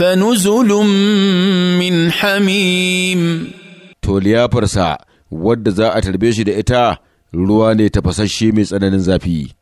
فنزل من حميم to liyafarsa wadda za a tarbe shi da ita ruwa ne tafasasshe mai tsananin zafi